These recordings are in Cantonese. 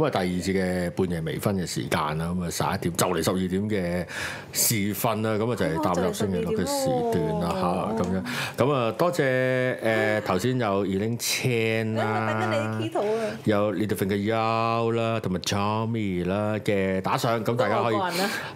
咁啊，第二次嘅半夜微醺嘅時間啦，咁啊十一點就嚟十二點嘅時分啦，咁啊、哎、呀就係踏入星期六嘅時段啦吓咁樣咁啊，多謝誒頭先有 Eileen Chan 啦，有 Littlefinger You 啦，同埋 Johnnie 啦嘅打賞咁大家可以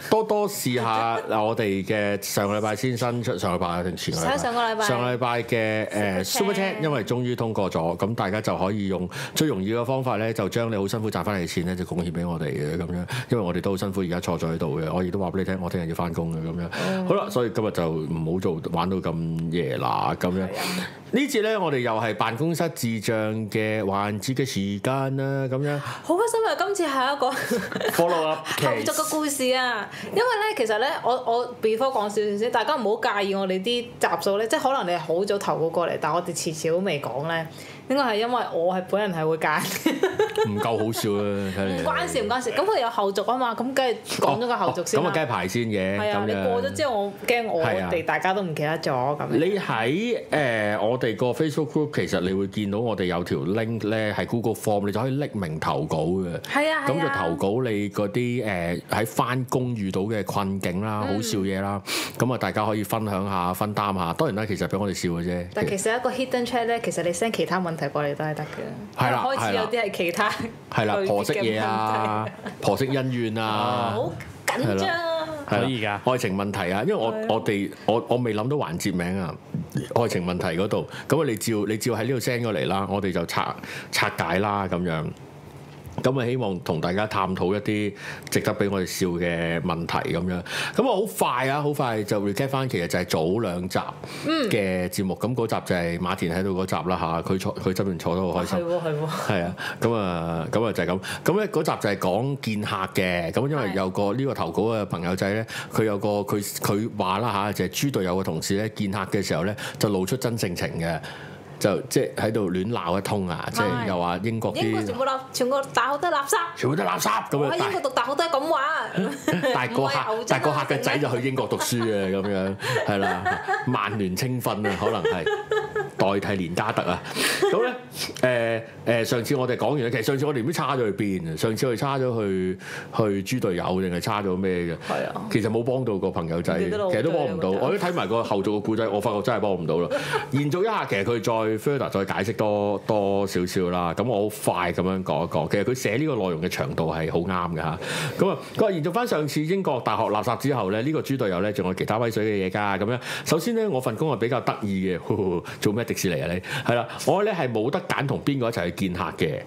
多多試下嗱，我哋嘅上個禮拜先新出，上個禮拜定前個禮拜上個禮拜嘅誒 Super Chat 因為終於通過咗，咁大家就可以用最容易嘅方法咧，就將你好辛苦賺翻。啲錢咧就貢獻俾我哋嘅咁樣，因為我哋都好辛苦，而家坐咗喺度嘅。我亦都話俾你聽，我聽日要翻工嘅咁樣。嗯、好啦，所以今日就唔好做玩到咁夜喇咁樣。嗯嗯、呢次咧，我哋又係辦公室智將嘅環節嘅時間啦，咁樣。好開心啊！今次係一個 follow 啊，後續嘅故事啊。因為咧，其實咧，我我 before 講少少先，大家唔好介意我哋啲集數咧，即係可能你係好早投過過嚟，但我哋遲遲都未講咧。應該係因為我係本人係會揀，唔夠好笑啊！關事唔關事，咁佢哋有後續啊嘛，咁梗係講咗個後續先。咁啊，梗係排先嘅。係啊，你過咗之後，我驚我哋大家都唔記得咗。咁你喺誒我哋個 Facebook group，其實你會見到我哋有條 link 咧，係 Google Form，你就可以匿名投稿嘅。係啊，咁就投稿你嗰啲誒喺翻工遇到嘅困境啦、好笑嘢啦，咁啊大家可以分享下、分擔下。當然啦，其實俾我哋笑嘅啫。但其實一個 hidden chat 咧，其實你 send 其他問睇過你都係得嘅，的開始有啲係其他婆媳嘢啊， 婆媳恩怨啊，好緊張，可以噶。愛情問題啊，因為我 我哋我我未諗到環節名啊，愛情問題嗰度，咁啊你照你照喺呢度 send 過嚟啦，我哋就拆拆解啦咁樣。咁啊，希望同大家探討一啲值得俾我哋笑嘅問題咁樣。咁啊，好快啊，好快就 recall 翻，其實就係早兩集嘅節目。咁嗰、嗯、集就係馬田喺度嗰集啦嚇，佢坐佢側邊坐得好開心。係喎，係喎。係啊，咁啊的，咁啊就係咁。咁咧嗰集就係講見客嘅。咁因為有個呢個投稿嘅朋友仔咧，佢有個佢佢話啦嚇，就係、是、豬隊友嘅同事咧，見客嘅時候咧，就露出真性情嘅。就即係喺度亂鬧一通啊！即係又話英國啲，全部垃，全部大學都係垃圾，全部都垃圾。咁喺英國讀大學都係咁話。但係個客，但係個客嘅仔就去英國讀書嘅咁樣，係啦，曼聯青訓啊，可能係代替連加特啊。咁咧，誒誒，上次我哋講完，其實上次我哋唔知差咗去邊。上次我哋差咗去去豬隊友定係差咗咩嘅？係啊。其實冇幫到個朋友仔，其實都幫唔到。我都睇埋個後續個故仔，我發覺真係幫唔到啦。延續一下，其實佢再。f 再解釋多多少少啦，咁我好快咁樣講一講。其實佢寫呢個內容嘅長度係好啱嘅嚇。咁啊，佢話延續翻上次英國大學垃圾之後咧，呢個豬隊友咧仲有其他威水嘅嘢㗎。咁樣首先咧，我份工係比較得意嘅，做咩迪士尼啊你？係啦，我咧係冇得揀同邊個一齊去見客嘅。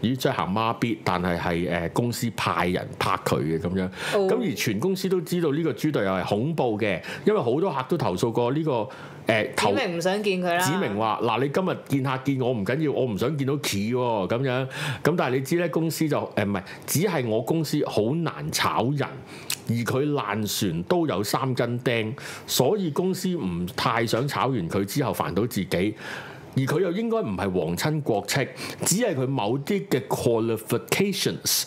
咦，即係行孖咇，但係係誒公司派人拍佢嘅咁樣，咁、oh. 而全公司都知道呢個豬隊友係恐怖嘅，因為好多客都投訴過呢、這個誒、呃、投。指明唔想見佢啦。指明話：嗱，你今日見客見我唔緊要，我唔想見到企喎、哦。咁樣咁，但係你知咧，公司就誒唔係，只係我公司好難炒人，而佢爛船都有三根釘，所以公司唔太想炒完佢之後煩到自己。而佢又應該唔係皇親國戚，只係佢某啲嘅 qualifications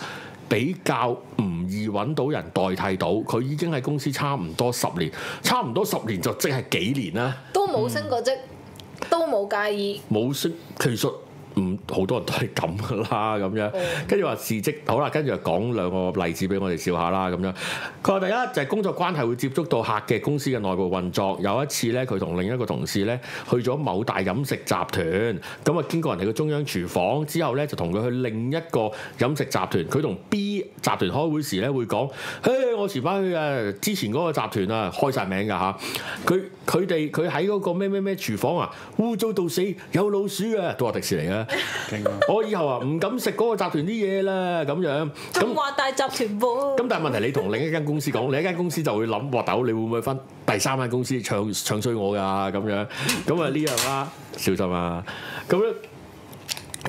比較唔易揾到人代替到。佢已經喺公司差唔多十年，差唔多十年就即係幾年啦，都冇升過職，嗯、都冇介意，冇升佢就。其實唔好多人都係咁㗎啦，咁樣跟住話事蹟好啦，跟住就講兩個例子俾我哋笑下啦，咁樣。佢話第一就係、是、工作關係會接觸到客嘅公司嘅內部運作。有一次呢，佢同另一個同事呢去咗某大飲食集團，咁啊經過人哋嘅中央廚房之後呢，就同佢去另一個飲食集團。佢同 B 集團開會時呢，會講：誒、hey, 我前排去啊之前嗰個集團啊開晒名㗎嚇，佢佢哋佢喺嗰個咩咩咩廚房啊污糟到死，有老鼠啊都話迪士尼嘅。 我以後啊，唔敢食嗰個集團啲嘢啦，咁樣。仲話大集團噃？咁但係問題，你同另一間公司講， 另一間公司就會諗核豆，你會唔會返第三間公司唱唱衰我㗎、啊？咁樣，咁啊呢樣啦， 小心啦、啊。咁咧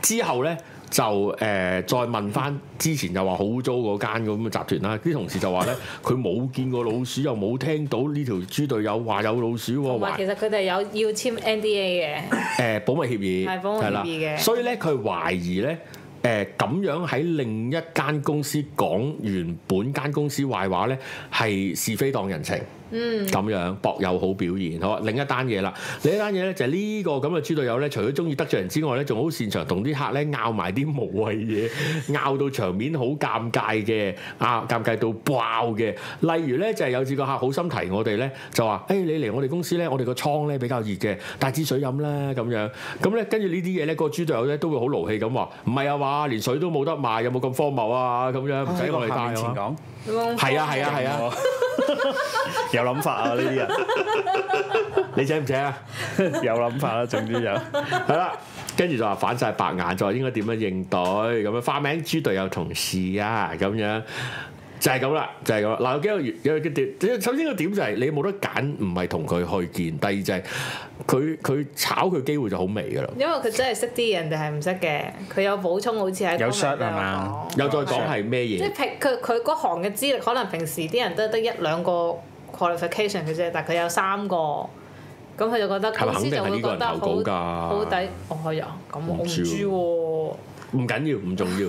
之後呢？就誒、呃、再問翻之前就話好糟嗰間咁嘅集團啦，啲同事就話咧佢冇見過老鼠又冇聽到呢條豬隊友話有老鼠喎，其實佢哋有要簽 NDA 嘅誒、呃、保密協議係啦，所以咧佢懷疑咧誒咁樣喺另一間公司講原本間公司壞話咧係是，是非當人情。嗯，咁樣博有好表現，好另一單嘢啦，另一單嘢咧就係呢個咁嘅豬隊友咧，除咗中意得罪人之外咧，仲好擅長同啲客咧拗埋啲無謂嘢，拗到場面好尷尬嘅，啊尷尬到爆嘅。例如咧就係有次個客好心提我哋咧，就話：誒、hey, 你嚟我哋公司咧，我哋個倉咧比較熱嘅，帶支水飲啦咁樣。咁咧跟住呢啲嘢咧，那個豬隊友咧都會好勞氣咁話：唔係啊嘛，連水都冇得賣，有冇咁荒謬啊？咁樣唔使、啊嗯、我哋帶錢。啊係啊係啊係啊，啊啊啊啊 有諗法啊呢啲人， 你借唔借啊？ 有諗法啦、啊，總之有，係啦，跟住就話反晒白眼，再話應該點樣應對咁樣，花名豬隊友同事啊咁樣。就係咁啦，就係咁啦。嗱，有幾個月，有啲點。首先個點,點就係你冇得揀，唔係同佢去見。第二就係佢佢炒佢機會就好微噶啦。因為佢真係識啲嘢人哋係唔識嘅，佢有補充好似喺。有 cert 係嘛？有再講係咩嘢？即係佢佢嗰行嘅資歷，可能平時啲人都得一兩個 qualification 嘅啫，但係佢有三個，咁佢就覺得,就覺得係咪肯定公呢個人投稿好好抵。哦，又咁，我唔知唔緊要，唔重要，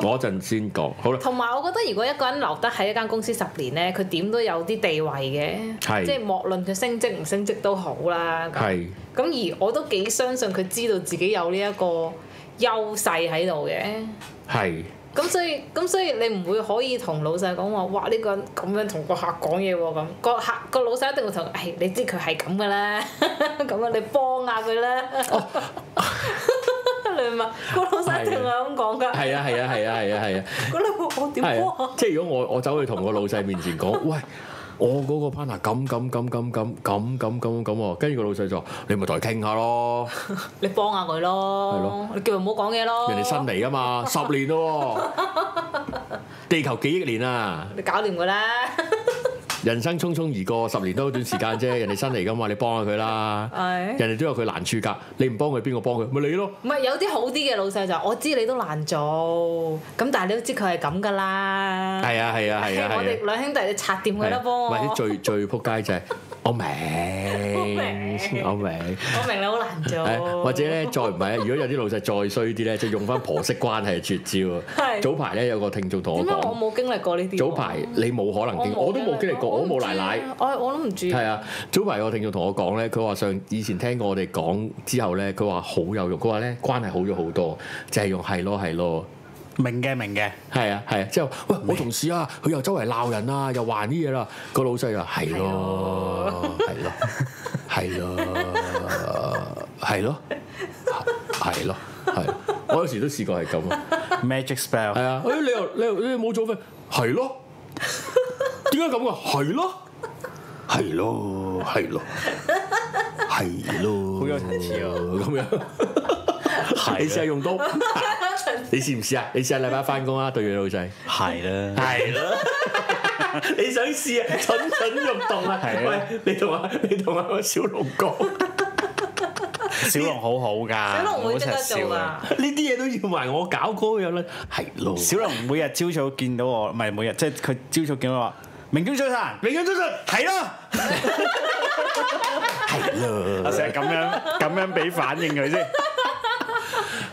嗰陣先講。好啦。同埋我覺得，如果一個人留得喺一間公司十年咧，佢點都有啲地位嘅。係是。即係莫論佢升職唔升職都好啦。係是。咁而我都幾相信佢知道自己有呢一個優勢喺度嘅。係是。咁所以咁所以你唔會可以同老細講、這個、話，哇呢個人咁樣同個客講嘢喎咁，個、那、客個老細一定會同，哎你知佢係咁噶啦，咁 啊你幫下佢啦。哦 兩萬個老細就係咁講噶，係啊係啊係啊係啊係啊，嗰啲我點幫啊？即係如果我我走去同個老細面前講，喂，我嗰個 partner 咁咁咁咁咁咁咁咁喎，跟住個老細就，你咪同佢傾下咯，你幫下佢咯，你叫佢唔好講嘢咯，人哋新嚟啊嘛，十年咯，地球幾億年啊，你搞掂佢啦。人生匆匆而過，十年都好短時間啫。 人哋新嚟噶嘛，你幫下佢啦。係嗎。人哋都有佢難處㗎，你唔幫佢，邊個幫佢？咪你咯。唔係有啲好啲嘅老細就是，我知你都難做，咁但係你都知佢係咁㗎啦。係啊係啊係啊！啊啊啊 我哋兩兄弟，你拆掂佢啦，幫我。啊、最最仆街就仔、係。 明我明，我明，我明你好難做。 或者咧，再唔係，如果有啲老細再衰啲咧，就用翻婆媳關係絕招。係 是早排咧，有個聽眾同我講，我冇經歷過呢啲。早排你冇可能經，我都冇經歷過，我冇、啊、奶奶。我我都唔知、啊。意。係啊，早排有個聽眾同我講咧，佢話上以前聽過我哋講之後咧，佢話好有用，佢話咧關係好咗好多，就係、是、用係咯係咯。明嘅，明嘅，係啊，係啊，之後喂，我同事啊，佢又周圍鬧人啊，又話啲嘢啦，個老細啊，係咯，係咯，係咯，係咯，係咯，係。我有時都試過係咁啊，magic spell，係啊，你又你冇做咩？係咯，點解咁啊？係咯，係咯，係咯，係咯，好有層次啊，咁樣，係成日用刀。你試唔試啊？你試下禮拜返工啊？對住老仔。係啦的，係啦是的， 你想試啊？蠢蠢欲動啊！係啊的，你同你同阿小龍講，你小龍好好㗎，小龍好識得做啊！呢啲嘢都要埋我搞高樣啦，係咯的。 小龍每日朝早見到我，唔係每日，即係佢朝早見到我，明天早晨，明天早晨，係咯，係 咯， 成日咁樣咁樣俾反應佢先。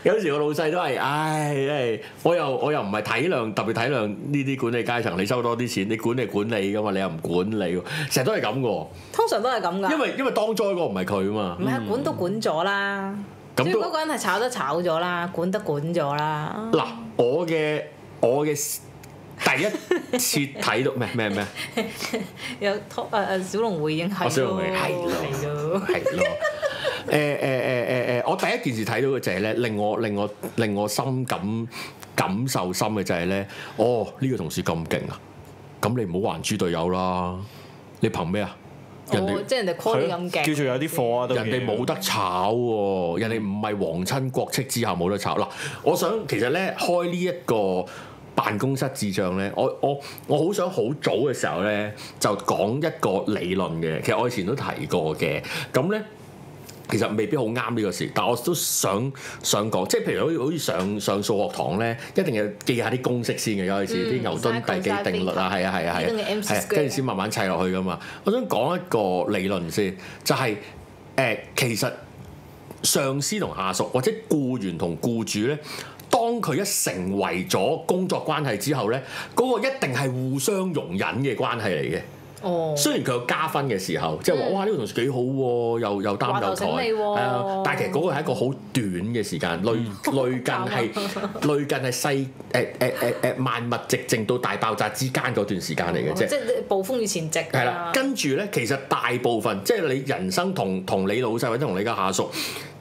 有時我老細都係，唉，我又我又唔係體諒，特別體諒呢啲管理階層，你收多啲錢，你管理管理噶嘛，你又唔管理，成日都係咁噶。通常都係咁。因為因為當初嗰個唔係佢啊嘛。唔係管都管咗啦，所以嗰個人係炒都炒咗啦，管都管咗啦。嗱，我嘅我嘅。第一次睇到咩咩咩？有托啊啊！小龍會已經係咯，係咯，係咯。誒誒誒誒誒，我第一件事睇到嘅就係咧，令我令我令我深感感受深嘅就係咧，哦呢個同事咁勁啊！咁你唔好還豬隊友啦，你憑咩啊？哦，即係人哋 call 啲咁勁，叫做有啲貨啊！人哋冇得炒喎，人哋唔係皇親國戚之下冇得炒嗱。我想其實咧開呢一個。辦公室智將咧，我我我好想好早嘅時候咧，就講一個理論嘅。其實我以前都提過嘅，咁咧其實未必好啱呢個事，但係我都想想講，即係譬如好似好似上上數學堂咧，一定要記下啲公式先嘅。有陣時啲牛頓第幾定律啊，係啊係啊係啊，跟住先慢慢砌落去噶嘛。我想講一個理論先，就係，誒，其實上司同下屬或者僱員同僱主咧。當佢一成為咗工作關係之後咧，嗰、那個一定係互相容忍嘅關係嚟嘅。哦，雖然佢有加分嘅時候，即係話哇呢、這個同事幾好喎、啊，又又擔又抬，係啊，但係其實嗰個係一個好短嘅時間，類、嗯、類近係、嗯嗯、類近係、嗯、細誒誒誒誒萬物寂靜到大爆炸之間嗰段時間嚟嘅啫，哦、即係暴風雨前夕。係啦，跟住咧，其實大部分即係你人生同同你老細或者同你嘅下屬。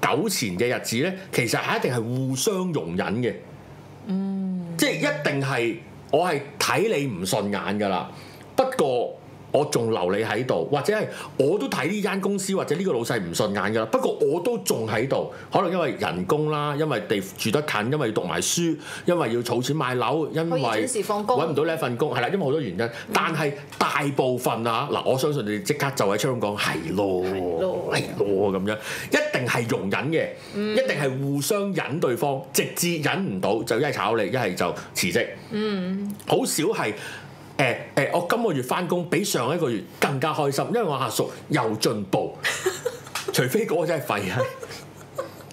糾纏嘅日子咧，其實係一定係互相容忍嘅，嗯、即係一定係我係睇你唔順眼噶啦，不過，我仲留你喺度，或者係我都睇呢間公司或者呢個老細唔順眼噶啦。不過我都仲喺度，可能因為人工啦，因為地住得近，因為要讀埋書，因為要儲錢買樓，因為揾唔到呢一份工，係啦，因為好多原因。但係大部分、嗯、啊，嗱，我相信你即刻就喺香港係咯，咁樣一定係容忍嘅，一定係、嗯、互相忍對方，直至忍唔到就一係炒你，一係就辭職。嗯，好少係。欸欸、我今個月返工比上一個月更加開心，因為我下屬又進步。 除非嗰個真係廢啊！ 唔係，今日先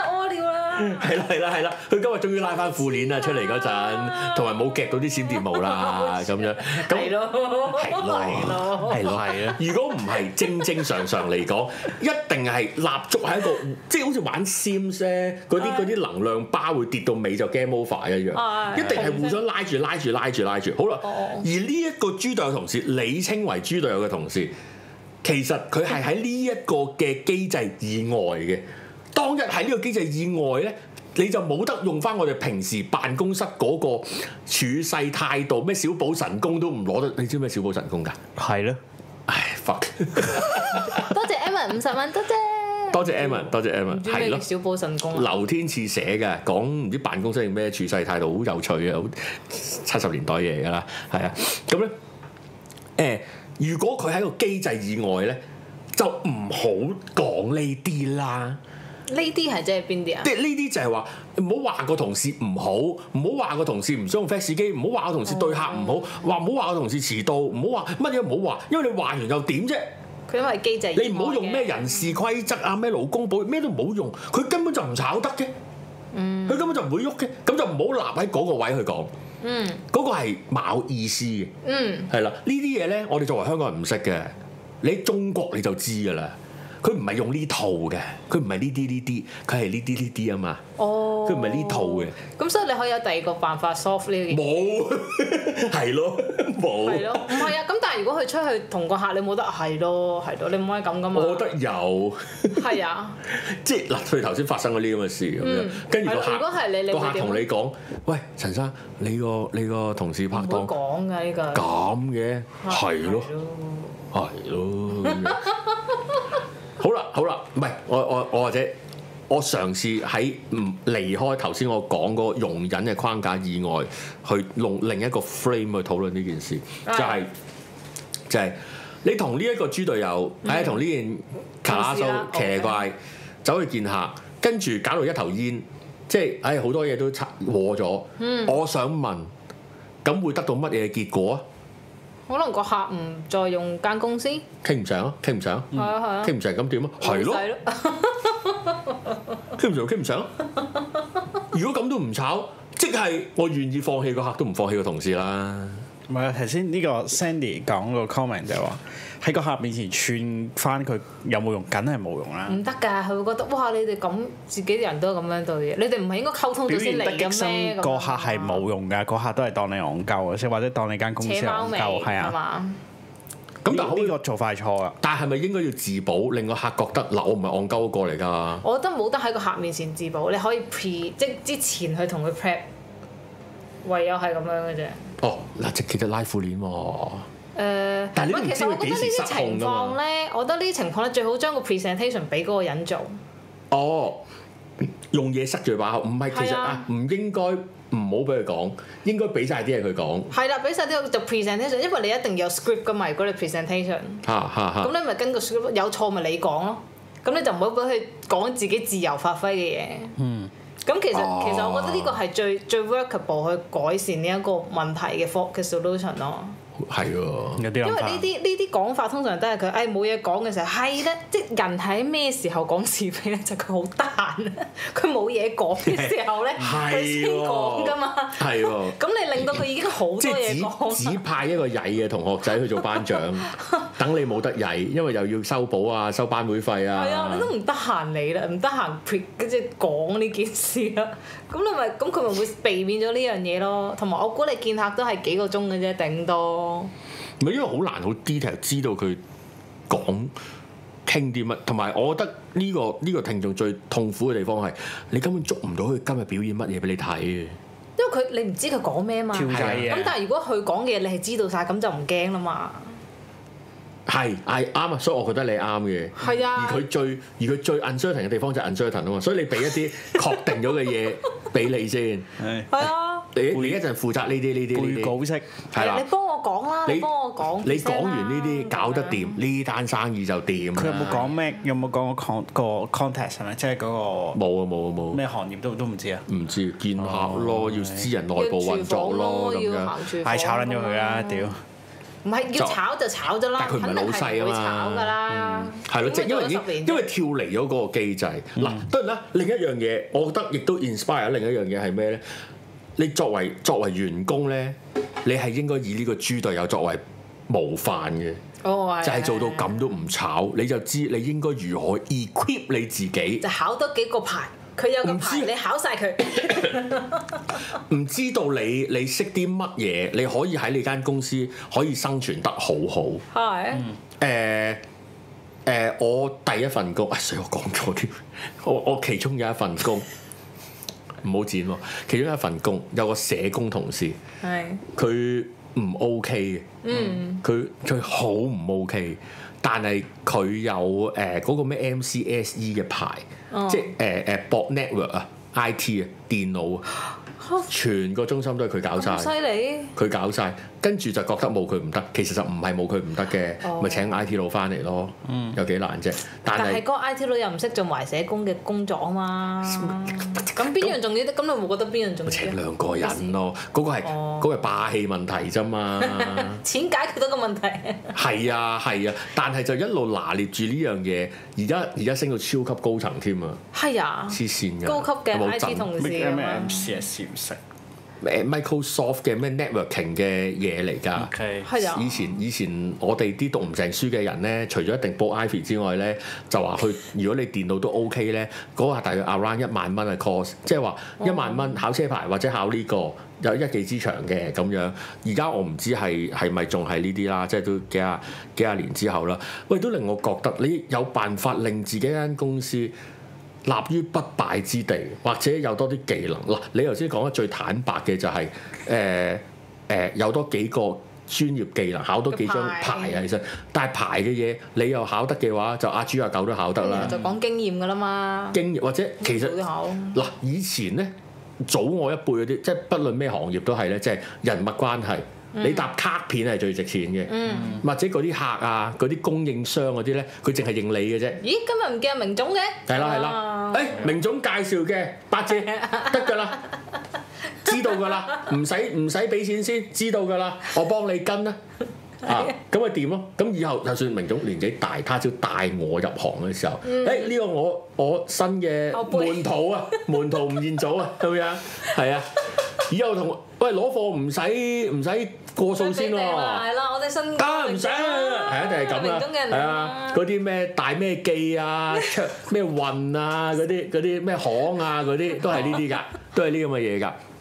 屙尿啦！係啦係啦係啦，佢今日終於拉翻褲鏈啦，出嚟嗰陣，同埋冇夾到啲閃電毛啦咁樣。係咯的，係咯，係咯，係咯、哦，係咯！如果唔係正正常常嚟講，一定係蠟燭係一個，即係好似玩 S S,《Sim 的》嗰啲啲能量包會跌到尾就 game over 一樣，的一定係互相拉住拉住拉住拉住。好啦，而呢一個豬隊友同事，oh. 你稱為豬隊友嘅同事，其實佢係喺呢一個嘅機制以外嘅。當日喺呢個機制以外咧，你就冇得用翻我哋平時辦公室嗰個處世態度，咩小寶神功都唔攞得。你知咩小寶神功㗎？係咯，唉 fuck！多謝 Emma 五十蚊，多謝。多謝 Emma，多謝 Emma，係 em、嗯、咯。小寶神功、啊，劉天賜寫嘅，講唔知辦公室係咩處世態度，好有趣嘅，好七十年代嘢嚟㗎啦。係啊，咁咧誒，如果佢喺個機制以外咧，就唔好講呢啲啦。呢啲係即係邊啲啊？即係呢啲就係話唔好話個同事唔好，唔好話個同事唔想用 fax 機，唔好話個同事對客唔好，話唔好話個同事遲到，唔好話乜嘢唔好話，因為你話完又點啫？佢因為機制，你唔好用咩人事規則啊，咩勞工保，咩都唔好用，佢根本就唔炒得嘅，嗯，佢根本就唔會喐嘅，咁就唔好立喺嗰個位去講，嗯，嗰個係冇意思嘅，嗯、mm.，係啦，呢啲嘢咧，我哋作為香港人唔識嘅，你喺中國你就知噶啦。佢唔係用呢套嘅，佢唔係呢啲呢啲，佢係呢啲呢啲啊嘛。哦，佢唔係呢套嘅。咁所以你可以有第二個辦法 soft 呢樣嘢。冇，係咯，冇。係咯，唔係啊。咁但係如果佢出去同個客，你冇得係咯，係咯，你唔可以咁噶冇得有。係啊，即係嗱，佢頭先發生嗰啲咁嘅事咁樣，跟住個客，如果係你，你個客同你講，喂，陳生，你個你個同事拍拖。唔好講啊！呢個。咁嘅，係咯，係咯。好啦，好啦，唔係我我我或者我嘗試喺唔離開頭先我講嗰容忍嘅框架以外，去用另一個 frame 去討論呢件事，就係、係、就係、係、你同呢一個豬隊友，係同呢件卡蘇奇怪、啊 okay. 走去見客，跟住搞到一頭煙，即係唉好多嘢都拆錯咗。嗯，我想問，咁會得到乜嘢結果？可能個客唔再用間公司，傾唔上啊！傾唔上？啊！係啊係啊，傾唔成咁點啊？係咯，傾唔成，傾唔上。如果咁都唔炒，即係我願意放棄個客都唔放棄個同事啦。唔係啊，頭先呢個 Sandy 講個 comment 就係話。喺個客面前串翻佢有冇用？梗係冇用啦！唔得㗎，佢會覺得哇！你哋咁自己啲人都咁樣對嘢，你哋唔係應該溝通咗先嚟嘅咩？個客係冇用㗎，個客都係當你戇鳩，即係或者當你間公司戇鳩，係啊。咁但係呢個做法係錯啊！但係咪應該要自保，令個客覺得我唔係戇鳩過嚟㗎？我覺得冇得喺個客面前自保，你可以 pre 即之前去同佢 prep，唯有係咁樣嘅啫。哦，嗱，直接拉褲鏈喎。誒，唔係、呃，其實我覺得呢啲情況咧，我覺得呢啲情況咧，最好將個 presentation 俾嗰個人做。哦，用嘢塞住把口，唔係其實是啊，啊，唔應該唔好俾佢講，應該俾晒啲嘢佢講。啊。係啦，俾晒啲我就 presentation，因為你一定要有 script 㗎嘛，如果你 presentation。啊。咁、啊、你咪跟個 script，有錯咪你講咯。咁你就唔好俾佢講自己自由發揮嘅嘢。嗯。咁其實、啊、其實我覺得呢個係最最 workable 去改善呢一個問題嘅方嘅 solution 咯。係因為呢啲呢啲講法通常都係佢誒冇嘢講嘅時候係咧，即係人喺咩時候講是非咧？就佢好得閒，佢冇嘢講嘅時候咧，佢先講㗎嘛。係喎的，咁你令到佢已經好多嘢講的。只派一個曳嘅同學仔去做班長， 等你冇得曳，因為又要收補啊、收班會費啊。係啊，你都唔得閒你啦，唔得閒即係講呢件事啦。咁你咪咁佢咪會避免咗呢樣嘢咯？同埋我估你見客都係幾個鐘嘅啫，頂多。唔係因為好難好 detail 知道佢講傾啲乜，同埋我覺得呢個呢個聽眾最痛苦嘅地方係你根本捉唔到佢今日表演乜嘢俾你睇，因為佢你唔知佢講咩嘛。咁，但係如果佢講嘅嘢你係知道晒，咁就唔驚啦嘛。係係啱啊，所以我覺得你啱嘅。係啊。而佢最而佢最 uncertain 嘅地方就係 uncertain 啊嘛，所以你俾一啲確定咗嘅嘢俾你先。係。係啊。你一陣負責呢啲呢啲，背稿式係啦。你幫我講啦，你幫我講。你講完呢啲搞得掂，呢單生意就掂。佢有冇講咩？有冇講個 context 係咪？即係嗰個冇啊冇啊冇。咩行業都都唔知啊？唔知見客咯，要私人內部運作咯咁樣。係炒撚咗佢啦屌！唔係要炒就炒咗啦。佢唔係老細啊嘛，炒㗎啦。係咯，即因為因為跳離咗嗰個機制嗱。當然啦，另一樣嘢，我覺得亦都 inspire 咗。另一樣嘢係咩咧？你作為作為員工咧，你係應該以呢個豬隊友作為模範嘅，oh、yeah. 就係做到咁都唔炒，你就知你應該如何 equip 你自己，就考多幾個牌，佢有個牌你考晒佢，唔 知道你你識啲乜嘢，你可以喺你間公司可以生存得好好。係，誒誒，我第一份工 sorry 我講錯添，我我，我其中有一份工。 唔好剪喎，其中一份工有個社工同事，佢唔係 OK 嘅，佢佢好唔 OK，但係佢有誒嗰、呃嗰個咩 MCSE 嘅牌，哦、即係誒誒博 network 啊 IT 啊電腦啊，全個中心都係佢搞晒。犀利，佢搞晒。跟住就覺得冇佢唔得，其實就唔係冇佢唔得嘅、哦，咪請 I T 佬翻嚟咯，有幾難啫？但係嗰 I T 佬又唔識做埋社工嘅工作啊嘛，咁邊樣重要啲？咁你冇覺得邊樣重要？我請兩個人咯，嗰個係嗰個係霸氣問題啫嘛，錢解決到個問題。係啊係啊，但係就一路拿捏住呢樣嘢，而家而家升到超級高層添啊！係啊，黐線嘅，高級嘅 I T 同事啊嘛。Microsoft 嘅咩 networking 嘅嘢嚟㗎，以前以前我哋啲讀唔成書嘅人咧，除咗一定報 Ivy 之外咧，就話去如果你電腦都 OK 咧，嗰下大概 around 一萬蚊嘅 course，即係話一萬蚊考車牌或者考呢個有一技之長嘅咁樣。而家我唔知係係咪仲係呢啲啦，即係都幾廿幾啊年之後啦。喂，都令我覺得你有辦法令自己間公司，立於不敗之地，或者有多啲技能。嗱，你頭先講得最坦白嘅就係、是，誒、呃、誒、呃、有多幾個專業技能，考多幾張牌啊！其實，但係牌嘅嘢你又考得嘅話，就阿豬阿狗都考得啦、嗯。就講經驗㗎啦嘛。經驗或者其實嗱，以前咧早我一輩嗰啲，即係不論咩行業都係咧，即、就、係、是、人物關係。你搭卡片係最值錢嘅，或者嗰啲客啊、嗰啲供應商嗰啲咧，佢淨係認你嘅啫。咦？今日唔見阿明總嘅？係啦係啦。誒，明總介紹嘅八折得㗎啦，知道㗎啦，唔使唔使俾錢先，知道㗎啦，我幫你跟啦。啊，咁咪掂咯。咁以後就算明總年紀大，他朝帶我入行嘅時候，誒呢個我我新嘅門徒啊，門徒吳彥祖啊，係咪啊？係啊。以後同喂攞貨唔使唔使。過數先喎，係啦， 我哋新啊，唔使啦，係一定係咁啦，係啊，嗰啲咩大咩記啊，咩運 啊，嗰啲啲咩行啊，嗰啲都係呢啲㗎，都係呢咁嘅嘢㗎。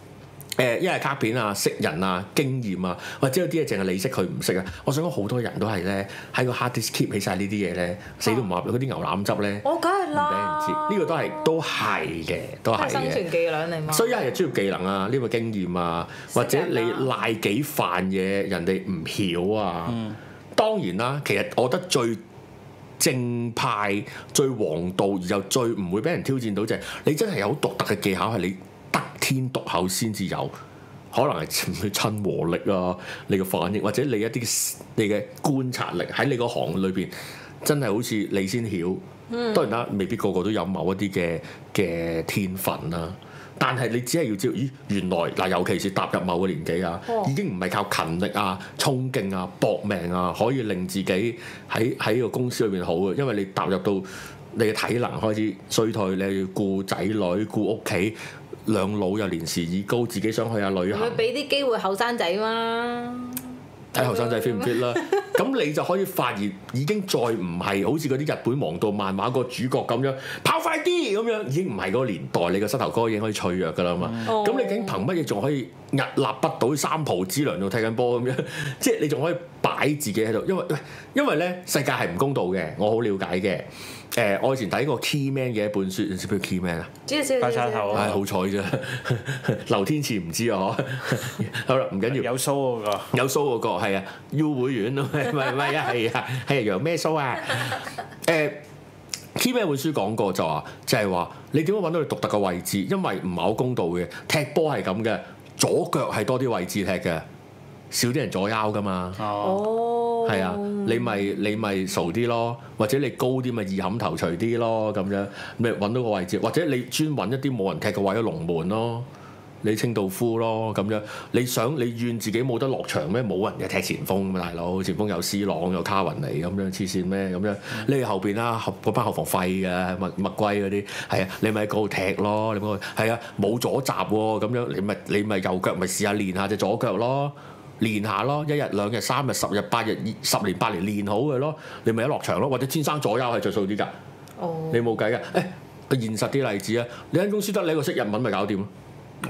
誒，一係卡片啊、識人啊、經驗啊，或者有啲嘢淨係你識佢唔識啊。我想講好多人都係咧，喺個 hard disk keep 起晒呢啲嘢咧，啊、死都唔話佢啲牛腩汁咧。我梗係唔畀人知，呢、這個都係都係嘅，都係生存技能嚟嘛。所以一係專業技能啊，呢個經驗啊，啊或者你賴幾飯嘢人哋唔曉啊。嗯、當然啦，其實我覺得最正派、最王道，而又最唔會俾人挑戰到、就是，就係你真係有好獨特嘅技巧係你。得天獨厚，先至有可能係去親和力啊，你嘅反應或者你一啲你嘅觀察力喺你個行裏邊真係好似你先曉。嗯、當然啦，未必個個都有某一啲嘅嘅天分啦、啊。但係你只係要知道，咦原來嗱，尤其是踏入某個年紀啊，哦、已經唔係靠勤力啊、衝勁啊、搏命啊，可以令自己喺喺個公司裏邊好嘅，因為你踏入到你嘅體能開始衰退，你係要顧仔女、顧屋企。兩老又年事已高，自己想去下旅行。佢俾啲機會後生仔嘛？睇後生仔 fit 唔 fit 啦。咁你就可以發現已經再唔係好似嗰啲日本王道漫畫個主角咁樣跑快啲咁樣，已經唔係個年代。你個膝頭哥已經可以脆弱㗎啦嘛。咁、mm. 你竟憑乜嘢仲可以屹立不倒三浦知良度踢緊波咁樣？即 係你仲可以擺自己喺度，因為喂，因為咧世界係唔公道嘅，我好了解嘅。誒，我以前睇過 Keyman 嘅一本書，你、啊哎、知唔知 Keyman 啊？白山頭啊，係好彩啫。劉天賜唔知啊，嗬。好啦，唔緊要。有 show 個。有 show 個個係啊，U 會員咪咪咪啊，係、欸、啊，係楊咩 show 啊？誒，Keyman 本書講過就話，即係話你點樣揾到你獨特嘅位置，因為唔係好公道嘅。踢波係咁嘅，左腳係多啲位置踢嘅，少啲人左腰噶嘛。哦。Oh. 係啊，你咪你咪傻啲咯，或者你高啲咪二冚頭除啲咯，咁樣咪揾到個位置，或者你專揾一啲冇人踢嘅位咯，龍門咯，你清道夫咯，咁樣你想你怨自己冇得落場咩？冇人嘅踢前鋒咁啊，大佬前鋒有 C 朗有卡雲尼，咁樣黐線咩？咁樣你後邊啦，後嗰班後防廢嘅麥麥圭嗰啲，係啊，你咪喺嗰度踢咯，你嗰個係啊冇左閘喎，咁樣你咪你咪右腳咪試下練下隻左腳咯。練下咯，一日兩日三日十日八日，十年八年練好佢咯，你咪一落場咯。或者天生左右係着數啲㗎，你冇計㗎。誒，個現實啲例子啊，你間公司得你一個識日文咪搞掂咯。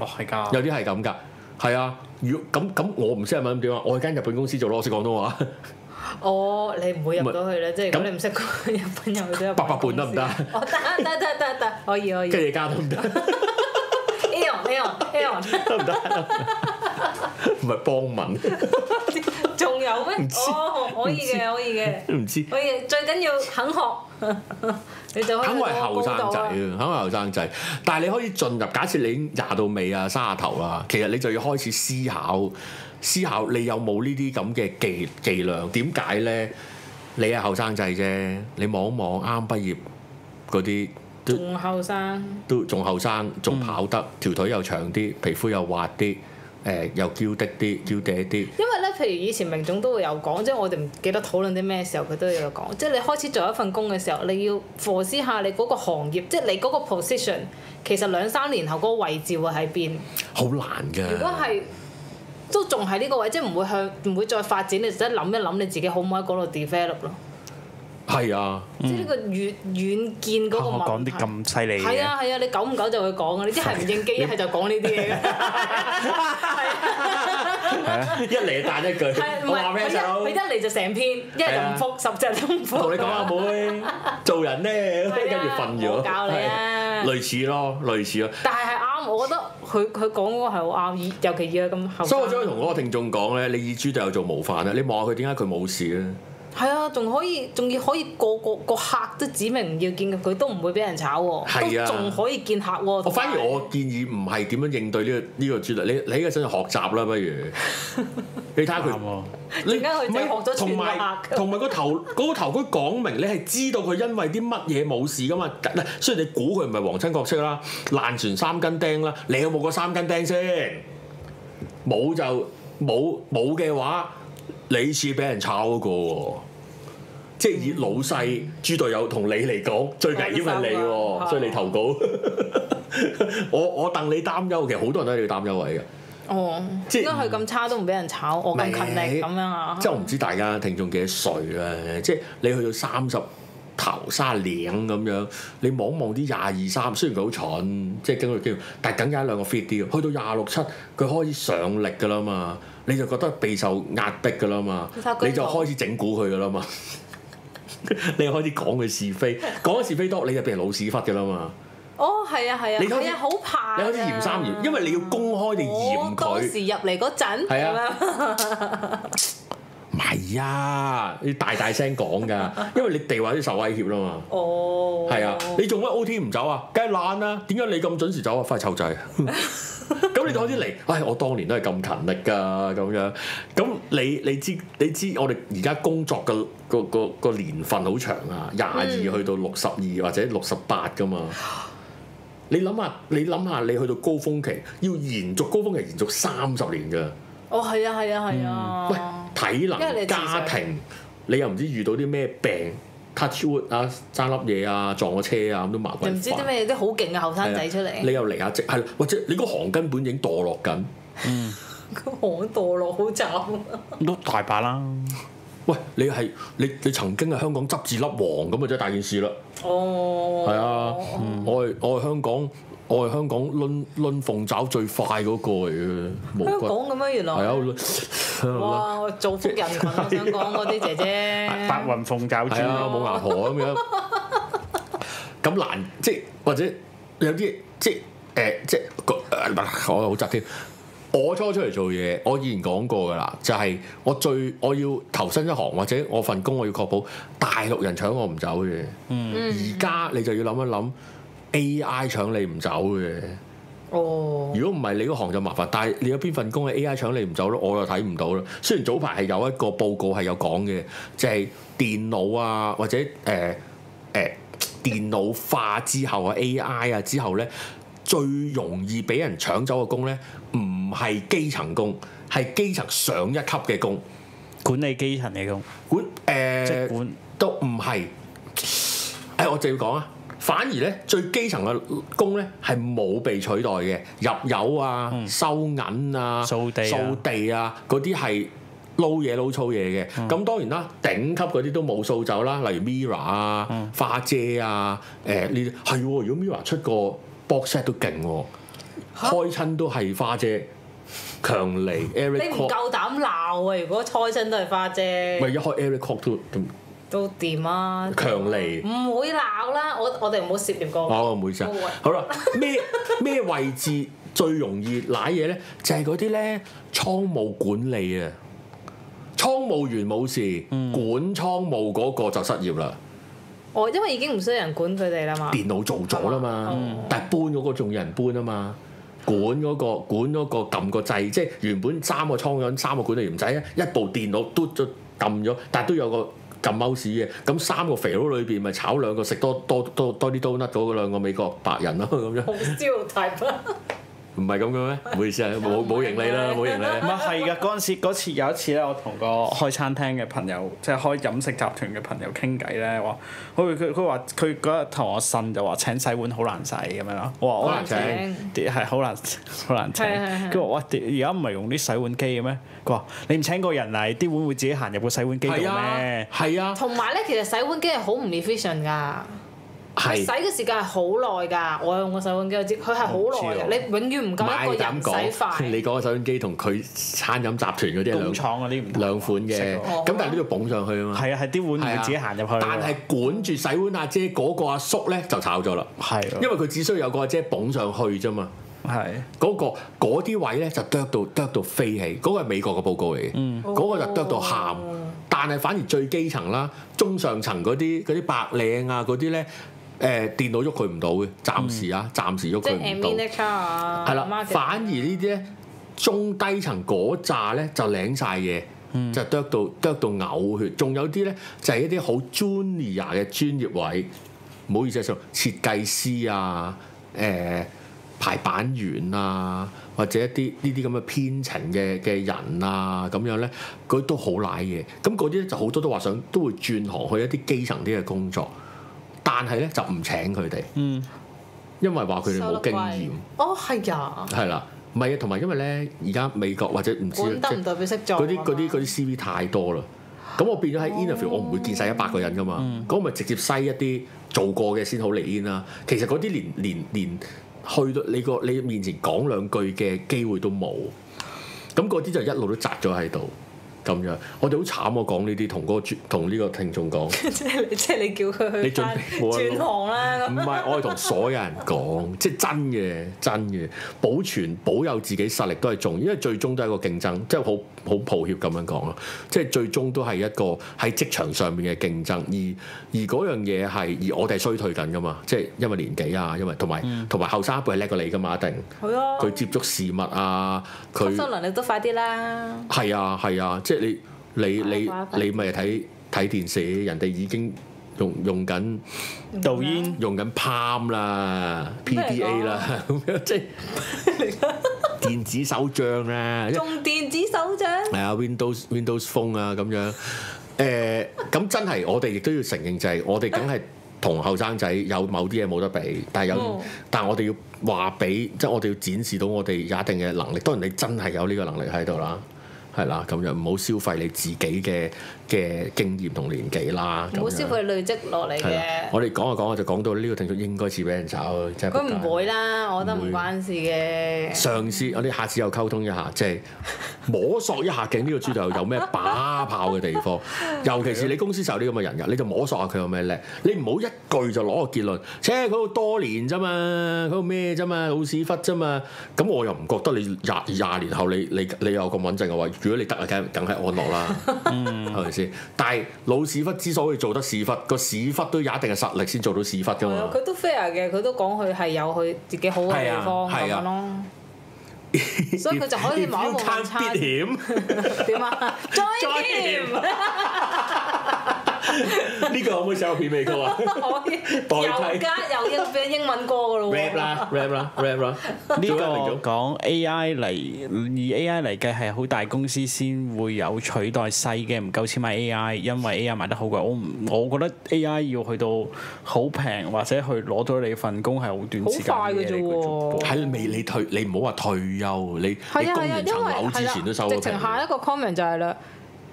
哇、oh,，係㗎。有啲係咁㗎，係啊。如果咁咁，我唔識日文點啊？我喺間日本公司做咯，我識廣東話。哦、oh,，你唔會入到去咧，即係咁你唔識日本，入去得。八百半得唔得？我得得得得得，可以可以。跟住加都唔得。一樣一樣一樣。得唔得？唔係幫襯 嗎，仲有咩？知哦，可以嘅，可以嘅，唔知可以最緊要肯學， 你就肯。係後生仔啊，肯係後生仔，肯係後生仔，但係你可以進入。假設你廿到尾啊，三十頭啊，其實你就要開始思考，思考你有冇呢啲咁嘅技伎量？點解咧？你係後生仔啫，你望一望啱畢業嗰啲，都仲後生，都仲後生，仲跑得、嗯、條腿又長啲，皮膚又滑啲。誒、嗯、又叫的啲，叫嗲啲。因為咧，譬如以前明總都會有講，即係我哋唔記得討論啲咩時候，佢都有講。即係你開始做一份工嘅時候，你要 foresight 下你嗰個行業，即係你嗰個 position，其實兩三年後嗰個位置會喺邊？好難㗎！如果係都仲係呢個位，即係唔會向，唔會再發展，你就得諗一諗你自己可唔可以喺嗰度 develop 咯？係啊！即係呢個軟軟件嗰個問題。講啲咁犀利。係啊係啊！你久唔久就會講啊，你即係唔應機，一係就講呢啲嘢。一嚟彈一句。係唔係？佢一佢一嚟就成篇，一唔復十隻都唔復。同你講啊，妹，做人咧跟住瞓咗。教你。類似咯，類似咯。但係係啱，我覺得佢佢講嗰個係好啱，尤其而家咁後。所以我想同嗰個聽眾講咧，你耳豬就有做模範啦，你望下佢點解佢冇事咧？係啊，仲可以，仲要可以個個個客都指明唔要見嘅，佢都唔會俾人炒喎，啊，仲可以見客喎。我有反而我建議唔係點樣應對呢、呢個呢、呢個專題，你你依家想學習啦，不如 你睇下佢，你唔係同埋同埋個頭嗰、嗰個頭佢講明，你係知道佢因為啲乜嘢冇事噶嘛？嗱，雖然你估佢唔係皇親國戚啦，爛船三根釘啦，你有冇個三根釘先？冇就冇冇嘅話。你似俾人炒嗰喎，即係以老細豬隊友同你嚟講，最危險係你，所以你投稿。對 我我戥你擔憂，其實好多人都係要擔憂位嘅。哦，即點解佢咁差都唔俾人炒？嗯、我咁勤力咁樣啊！即係我唔知大家聽眾幾多歲啦，即係你去到三十，頭沙領咁樣，你望望啲廿二三，雖然佢好蠢，即係經過叫，驗，但係等緊一兩個 fit 啲，去到廿六七，佢開始上力噶啦嘛，你就覺得備受壓迫噶啦嘛，發君 你就開始整蠱佢噶啦嘛， 你開始講佢是非，講啲 是非多，你就變成老屎忽噶啦嘛。哦，係啊，係啊，係啊，好怕你開始、啊啊、嫌三嫌，因為你要公開你嫌佢。我當時入嚟嗰陣係啊。 唔係啊！要大大聲講噶， 因為你地話啲受威脅啦嘛。哦，係啊，你做乜 O T 唔走啊？梗係懶啦、啊！點解你咁準時走啊？翻去臭仔。咁你就講啲嚟，唉、哎！我當年都係咁勤力噶咁樣。咁你你知你知我，我哋而家工作嘅個個年份好長啊，廿二去到六十二或者六十八噶嘛。 你諗下，你諗下，你去到高，高峰期要延續高峰期延續三十年㗎。哦，係啊，係啊，係啊！喂、嗯，體能家庭，你又唔知遇到啲咩病，touch wood 啊，生粒嘢啊，撞個車啊，咁都麻煩。又唔知啲咩，啲好勁嘅後生仔出嚟、啊。你又嚟下職，係或者你個行根本已經墮落緊。嗯，個行墮落好慘。咁都大把啦。喂，你係你你曾經係香港執字粒王咁啊，真係大件事啦。哦。係啊，我我係香港。我係香港論論鳳爪最快嗰個嚟嘅，香港咁樣原來。係啊對，哇！造福人群香港嗰啲姐姐。白雲鳳爪冇牙婆咁樣。咁難， 即係或者有啲即係誒，即、呃、係我好雜添。我初出嚟做嘢，我以前講過㗎啦，就係我最我要投身一行，或者 towards, 我份工我要確保大陸人搶我唔走嘅。而家你就要諗一諗。AI 搶你唔走嘅，oh. 如果唔係你嗰行就麻煩。但係你有邊份工係 AI 搶你唔走咯？我又睇唔到啦。雖然早排係有一個報告係有講嘅，就係、是、電腦啊，或者誒誒、呃呃、電腦化之後啊，AI 啊之後咧，最容易俾人搶走嘅工咧，唔係基層工，係基層上一級嘅工，管理基層嘅工，管誒、呃、即管都唔係。誒，我就要講啊！反而咧，最基層嘅工咧係冇被取代嘅，入油啊、收銀啊、掃地啊嗰啲係撈嘢撈粗嘢嘅。咁、啊嗯、當然啦，頂級嗰啲都冇掃走啦，例如 Mirror 啊、花姐啊、誒呢啲係。如果 Mirror 出個 box set 都勁喎、哦，麼開親都係花姐強尼 Eric Kwok，你唔夠膽鬧啊！如果開親都係花姐，咪一開 Eric Kwok 都。都掂啊！強離唔會鬧啦。我我哋唔好涉獵個。我唔會嘅。哦、好啦，咩咩 位置最容易攋嘢咧？就係嗰啲咧倉務管理啊。倉務員冇事，嗯、管倉務嗰個就失業啦。我、哦、因為已經唔需要人管佢哋啦嘛。電腦做咗啦嘛，嗯、但係搬嗰個仲有人搬啊嘛。管嗰、嗰個管嗰、嗰個撳個掣，即係原本三個倉員三個管理員仔啊，一部電腦嘟咗撳咗，但係都有個。咁踎屎嘅，咁三個肥佬裏邊咪炒兩個，食多多多多啲 donut 嗰兩個美國白人咯，咁樣。 唔係咁嘅咩？唔好意思啊，冇冇盈利啦，冇盈利。唔係係噶，嗰陣時次 有一次咧，我同個開餐廳嘅朋友，即係開飲食集團嘅朋友傾偈咧，話佢佢佢話佢嗰日同我呻，就話請洗碗好難洗咁樣咯。我話好難洗？啲係好難好難。佢話哇，而家唔係用啲洗碗機嘅咩？佢話你唔請個人嚟，啲碗會自己行入個洗碗機度咩？係啊。同埋咧，其實洗碗機係好唔 efficient 㗎。係洗嘅時間係好耐㗎，我用個洗碗機佢係好耐嘅，你永遠唔夠一個人洗快。你講個洗碗機同佢餐飲集團嗰啲兩廠嗰啲唔同兩款嘅，咁但係呢度捧上去啊嘛。係啊，係啲碗自己行入去。但係管住洗碗阿姐嗰個阿叔咧就炒咗啦。係，因為佢只需要有個阿姐捧上去啫嘛。係嗰個嗰啲位咧就啄到啄到飛起，嗰個係美國嘅報告嚟嘅。嗯，嗰個就啄到喊，但係反而最基層啦、中上層嗰啲嗰啲白領啊嗰啲咧。誒、嗯、電腦喐佢唔到嘅，暫時啊，暫時喐佢唔到。係啦、嗯。反而呢啲咧中低層嗰紮咧就領晒嘢，就剁、嗯、到剁到嘔血。仲有啲咧就係、是、一啲好 junior 嘅專業位，唔好意思啊，做設計師啊，誒、呃、排版員啊，或者一啲呢啲咁嘅編程嘅嘅人啊，咁樣咧佢都好瀨嘢。咁嗰啲咧就好多都話想都會轉行去一啲基層啲嘅工作。但係咧就唔請佢哋，嗯、因為話佢哋冇經驗。哦，係㗎，係啦，唔係啊，同埋因為咧，而家美國或者唔知，得唔代表識做？嗰啲嗰啲啲 CV 太多啦，咁我變咗喺 interview，哦、我唔會見晒一百個人噶嘛，咁、嗯、我咪直接篩一啲做過嘅先好嚟先啦。其實嗰啲連連連去到你個你面前講兩句嘅機會都冇，咁嗰啲就一路都擲咗喺度。咁樣，我哋好慘啊！講呢啲同嗰同呢個聽眾講，即係即係你叫佢去準備回轉行啦。唔係 、嗰個，我係同所有人講， 即係真嘅，真嘅，保全保有自己實力都係重要，因為最終都係一個競爭，即係好。好抱歉咁樣講咯，即係最終都係一個喺職場上面嘅競爭，而而嗰樣嘢係而我哋衰退緊㗎嘛，即係因為年紀啊，因為同埋同埋後生一輩係叻過你㗎嘛，一定。係啊，佢接觸事物啊，吸收能力都快啲啦。係啊係啊，係啊，即係你你你你咪睇睇電視，人哋已經用用緊導演用緊 Palm 啦、PDA 啦咁樣即係。電子手帳啦、啊，用為電子手帳，係啊，Windows Windows Phone 啊咁樣，誒、 呃，咁真係我哋亦都要承認、就係，就係我哋梗係同後生仔有某啲嘢冇得比，但係有，嗯、但係我哋要話俾，即、就、係、是、我哋要展示到我哋有一定嘅能力。當然你真係有呢個能力喺度啦。係啦，咁就唔好消費你自己嘅嘅經驗同年紀啦。唔好消費累積落嚟嘅。我哋講下講下就講到呢個停職應該似俾人炒。佢唔會啦，我覺得唔關事嘅。上次我哋下次又溝通一下，即係摸索一下鏡呢個豬頭有咩把炮嘅地方。 尤其是你公司受啲咁嘅人嘅，你就摸索下佢有咩叻。你唔好一句就攞個結論，車佢好多年啫嘛，佢咩啫嘛，老屎忽啫嘛。咁我又唔覺得你廿廿年後你你你有咁穩陣嘅話。如果你得啊，梗係梗係安樂啦，係咪先？但係老屎忽之所以，以做得屎忽，個屎忽都也有一定係實力先做到屎忽噶嘛。佢、啊、都 fair 嘅，佢都講佢係有佢自己好嘅地方咁啊。咯。 所以佢就可以冇咁差差啲險，點啊？join him 呢個可唔可以寫個片尾歌啊？代替加又英寫英文歌噶咯喎。rap 啦，rap 啦，rap 啦。呢個講 AI 嚟，以 AI 嚟計係好大公司先會有取代細嘅，唔夠錢買 AI，因為 AI 賣得好貴。我唔，我覺得 AI 要去到好平，或者去攞到你份工係好短時間嘅啫喎。喺未你退，你唔好話退休，你喺供完層樓之前都受影響。下一個 comment 就係啦。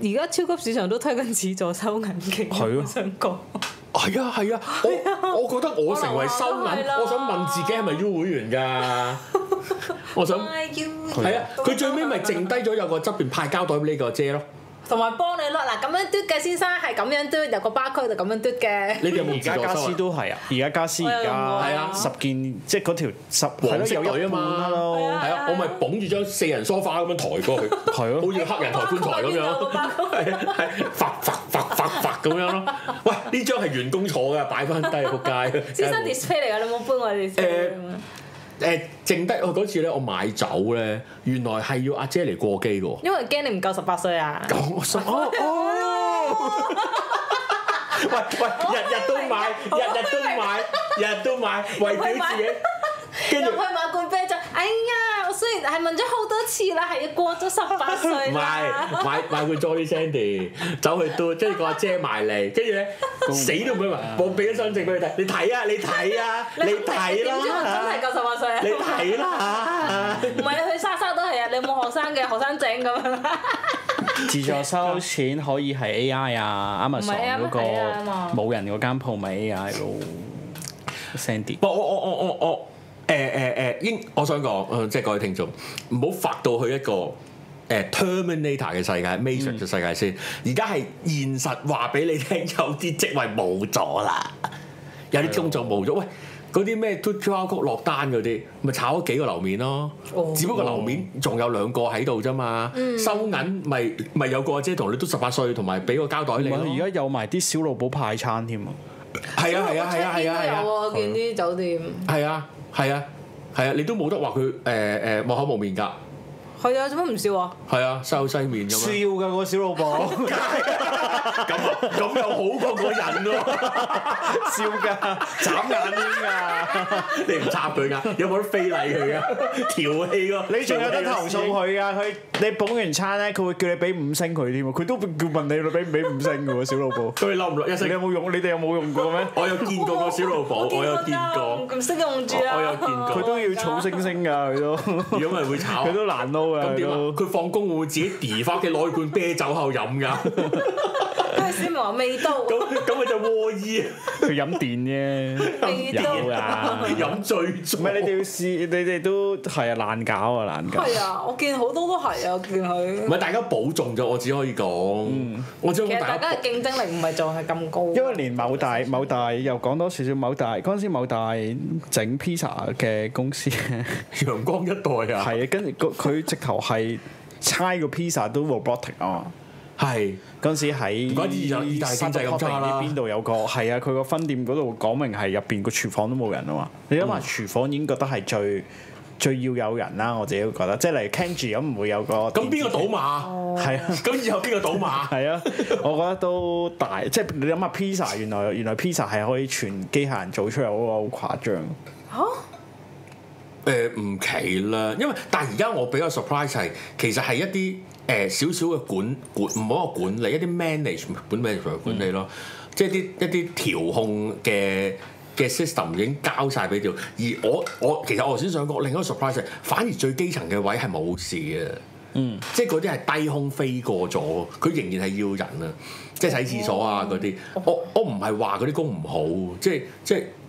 而家超級市場都推緊自助收銀機，我、啊、想講說，係啊係啊，我啊我覺得我成為收銀，啊、我想問自己係咪 U 會員㗎？ 我想，係 My U. 啊，佢覺最尾咪剩低咗有個側邊派膠袋俾呢個姐咯。同埋幫你甩嗱咁樣嘟嘅先生係咁樣嘟，入個巴區就咁樣嘟嘅。你哋而家家私都係啊，而家家私而家係啊，十件即係嗰條十黃色腿啊嘛，Hello，係啊，我咪捧住張四人梳化咁樣抬過去，係咯，好似黑人抬棺材咁樣，係啊，發發發發發咁樣咯。喂，呢張係員工坐嘅，擺翻低個街。先生你 i s p 嚟㗎，你冇搬我哋。先。誒淨得我嗰次咧，我買酒咧，原來係要阿姐嚟過機㗎喎。因為驚你唔夠十八歲啊。夠十哦哦！喂、哦、 喂，日喂日都買，日日都買，日日都買， 為表自己。跟住，我後去買罐啤酒。哎呀！雖然係問咗好多次啦，係過咗十八歲。唔係， 買買個 Joy Sandy，走去嘟，o 跟住個阿姐埋嚟，跟住咧死都唔俾問， 我俾咗身份證俾佢睇，你睇啊，你睇啊，你睇啦、啊。 你唔見咗真係夠十八歲啊？你睇啦。唔係啊，佢 沙沙都係啊，你冇學生嘅 學生證咁樣。 自助收錢可以係 AI 啊，Amazon 嗰、啊啊、個冇人嗰間鋪咪 AI 咯。 Sandy，我我我我我。誒誒誒，應我想講，即係各位聽眾，唔好發到去一個誒 terminator 嘅世界 matrix 嘅世界先。而家係現實話俾你聽，有啲職位冇咗啦，有啲工作冇咗。喂，嗰啲咩 to draw 曲落單嗰啲，咪炒幾個樓面咯？只不過樓面仲有兩個喺度啫嘛。收銀咪咪有個阿姐同你都十八歲，同埋俾個膠袋你咯。而家有埋啲小老保派餐添啊！係啊係啊係啊係啊！我見啲酒店係啊。係啊，係啊，你都冇得話佢誒誒冇口冇面噶。係啊，做乜唔笑啊？係啊，收西面咁。笑㗎，個小老婆。咁咁又好過個人咯。笑㗎，眨眼添㗎。你唔插佢㗎，有冇得非禮佢㗎？調戲咯。你仲有得投訴佢啊？佢你捧完餐咧，佢會叫你俾五星佢添啊。佢都叫問你咯，俾唔俾五星㗎喎？小老婆。對，嬲唔落一星。你有冇用？你哋有冇用過咩？我有見過個小老婆，我有見過。咁識用住啊！我有見過。佢都要數星星㗎，佢都如果咪會炒。佢都難撈。咁點啊？佢放工會自己提翻屋企攞罐啤酒後飲㗎。小明話未到，咁咁佢就和衣去飲電啫，啊，飲醉，唔係你哋要試，你哋都係啊爛搞啊爛搞，係啊，我見好多都係啊，我見佢唔係大家保重咗。我只可以講，我將其實大家競爭力唔係仲係咁高，因為連某大某大又講多少少某大嗰陣時某大整 pizza 嘅公司，陽光一代啊，係啊，跟住佢直頭係猜個 pizza 都 robotic 啊嘛。係嗰時喺二,二大線就咁花啦，邊度有個係啊？佢個分店嗰度講明係入邊個廚房都冇人啊嘛！嗯、你諗下，廚房已經覺得係最最要有人啦，我自己都覺得。即係例如 can y 咁，唔會有個咁邊個賭馬？係啊，咁、啊、以後邊個賭馬？係 啊，我覺得都大。即係你諗下，pizza 原來原來 pizza 係可以全機械人做出嚟，好啊，好誇張啊！嚇？誒唔奇啦，因為但係而家我比較 surprise 係，其實係一啲。誒少少嘅管管唔好話管理，一啲 manage 管 manager 管理咯，嗯、即係啲一啲調控嘅嘅 system 已經交晒俾佢，而我我其實我頭先想講，另一個 surprise 反而最基層嘅位係冇事嘅，嗯，即係嗰啲係低空飛過咗，佢仍然係要人啊，即係洗廁所啊嗰啲、嗯，我我唔係話嗰啲工唔好，即係即係。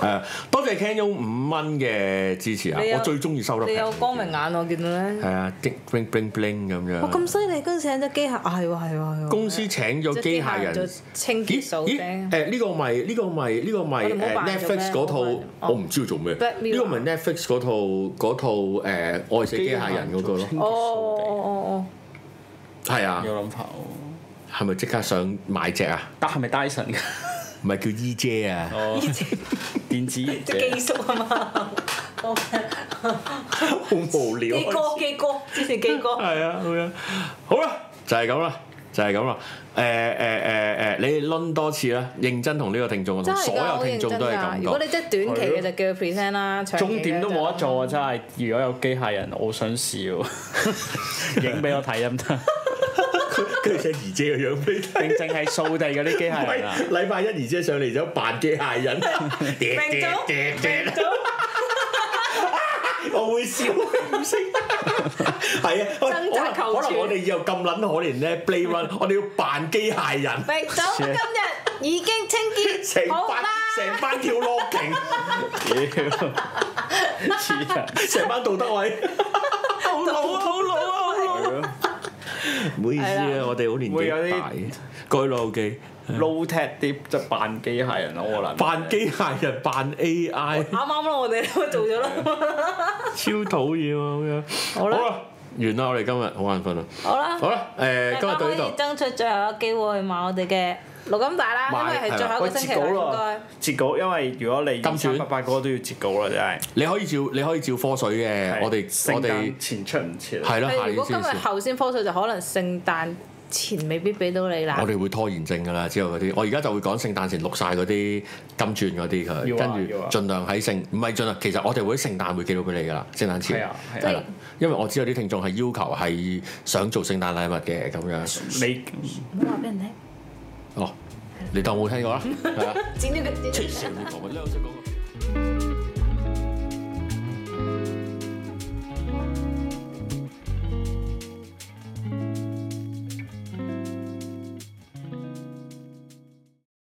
係啊，多謝聽眾五蚊嘅支持啊！我最中意收粒。你有光明眼，我見到咧。係啊，bling bling bling 咁樣。哇！咁犀利，公司請隻機械，係喎，係喎。公司請咗機械人清潔掃地。咦？呢個咪呢個咪呢個咪 Netflix 嗰套？我唔知要做咩。呢個咪 Netflix 嗰套，嗰套愛死機械人嗰個咯。哦哦哦哦，係啊。有諗頭。係咪即刻想買隻啊？但係咪 Dyson？唔係叫 EJ 啊，oh. 電子即係機叔啊嘛，好， 好無聊。機哥機哥，只係機哥。係啊，係啊， 好啦，就係咁啦，就係咁啦。誒誒誒誒，你哋攆多次啦，認真同呢個聽眾同所有聽眾都係咁講。如果你即係短期嘅，就叫佢 present 啦。吧終點都冇得做啊！嗯、真係，如果有機械人，我想試喎，影俾我睇得唔得？ 跟住睇二姐嘅樣，明正係掃地嗰啲機械人。禮拜一二姐上嚟就扮機械人，跌跌跌跌。我會笑，唔識。係啊，可能可能我哋以後咁撚可憐咧，play run 我哋要扮機械人。明總，今日已經清潔，成班成班跳落井。屌，黐成班道德位，好老啊，好老啊。唔好意思啊，我哋好年紀大老嘅，嘅老機，low tech，啲，就扮機械人咯，可能扮機械人，扮 AI，啱啱咯，我哋都做咗啦，超討厭啊，咁樣，好啦，完啦，我哋今日好眼瞓啊，好啦，好啦，誒，今日到呢度，爭取最後一個機會買，我哋嘅。錄咁大啦，因為係最後一個星期啦，應該截稿，因為如果你金鑽八百個都要截稿啦，真係你可以照你可以照科水嘅，我哋我哋前出唔切。係啦係。如果今日後先科水，就可能聖誕前未必俾到你啦。我哋會拖延症㗎啦，之後嗰啲，我而家就會講聖誕前錄晒嗰啲金鑽嗰啲㗎，跟住儘量喺聖，唔係盡量。其實我哋會喺聖誕會寄到俾你㗎啦，聖誕前係啦，因為我知道啲聽眾係要求係想做聖誕禮物嘅咁樣。你唔好話俾人聽。你當冇聽過啊？係啊。